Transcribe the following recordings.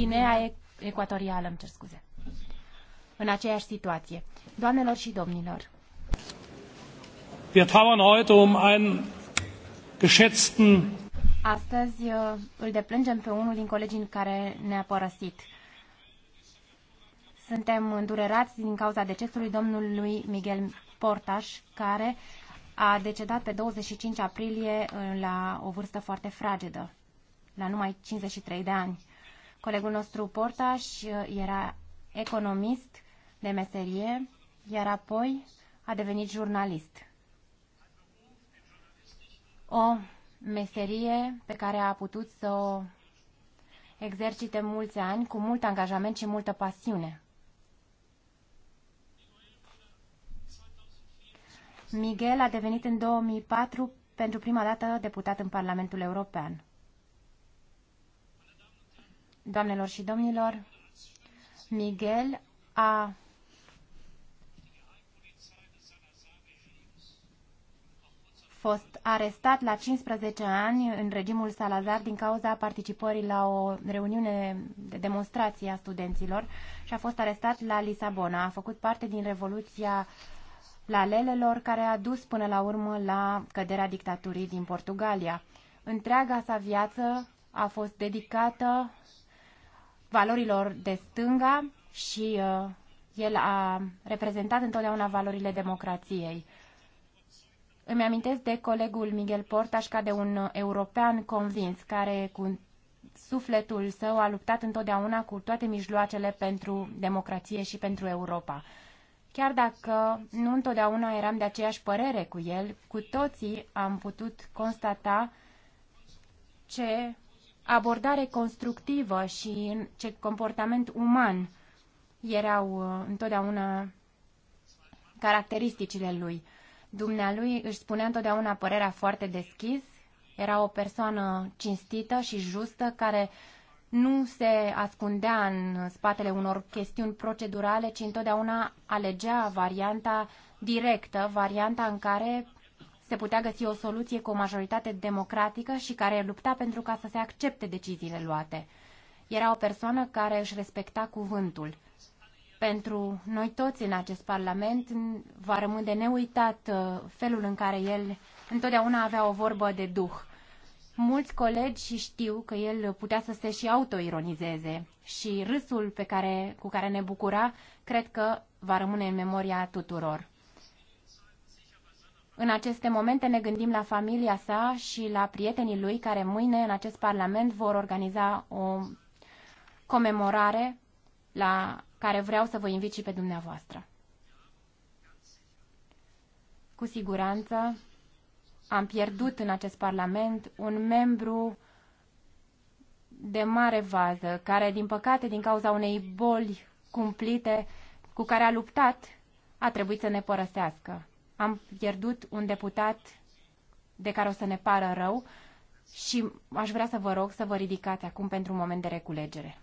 Guinea Ecuatorială, îmi cer scuze. În aceeași situație. Doamnelor și domnilor, um Astăzi uh, îl deplângem pe unul din colegii care ne-a părăsit. Suntem îndurerați din cauza decesului domnului Miguel Portaș, care a decedat pe 25 aprilie uh, la o vârstă foarte fragedă, la numai 53 de ani. Colegul nostru Portaș uh, era economist de meserie, iar apoi a devenit jurnalist. O meserie pe care a putut să o exercite mulți ani cu mult angajament și multă pasiune. Miguel a devenit în 2004 pentru prima dată deputat în Parlamentul European. Doamnelor și domnilor, Miguel a fost arestat la 15 ani în regimul Salazar din cauza participării la o reuniune de demonstrație a studenților și a fost arestat la Lisabona. A făcut parte din Revoluția la lelelor care a dus până la urmă la căderea dictaturii din Portugalia. Întreaga sa viață a fost dedicată valorilor de stânga și uh, el a reprezentat întotdeauna valorile democrației. Îmi amintesc de colegul Miguel Portaș ca de un european convins care cu sufletul său a luptat întotdeauna cu toate mijloacele pentru democrație și pentru Europa. Chiar dacă nu întotdeauna eram de aceeași părere cu el, cu toții am putut constata ce abordare constructivă și ce comportament uman erau uh, întotdeauna caracteristicile lui. Dumnealui își spunea întotdeauna părerea foarte deschis, era o persoană cinstită și justă care nu se ascundea în spatele unor chestiuni procedurale, ci întotdeauna alegea varianta directă, varianta în care se putea găsi o soluție cu o majoritate democratică și care lupta pentru ca să se accepte deciziile luate. Era o persoană care își respecta cuvântul. Pentru noi toți în acest Parlament va rămâne de neuitat uh, felul în care el întotdeauna avea o vorbă de duh. Mulți colegi știu că el putea să se și autoironizeze și râsul pe care, cu care ne bucura, cred că va rămâne în memoria tuturor. În aceste momente ne gândim la familia sa și la prietenii lui care mâine în acest Parlament vor organiza o comemorare la care vreau să vă invit și pe dumneavoastră. Cu siguranță am pierdut în acest Parlament un membru de mare vază, care, din păcate, din cauza unei boli cumplite cu care a luptat, a trebuit să ne părăsească. Am pierdut un deputat de care o să ne pară rău și aș vrea să vă rog să vă ridicați acum pentru un moment de reculegere.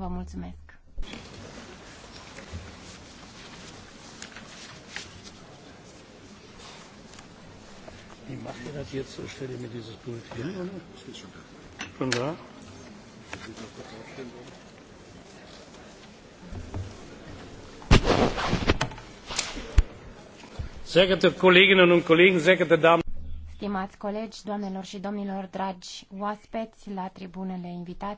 Vă mulțumesc! Wie macht ihr das jetzt zur Stelle mit dieses Pult hin, oder? Das ist schon da. Schon da? da sehr geehrte Kolleginnen und Kollegen, sehr geehrte Damen. Stimați colegi, doamnelor și domnilor, dragi oaspeți la tribunele invitați.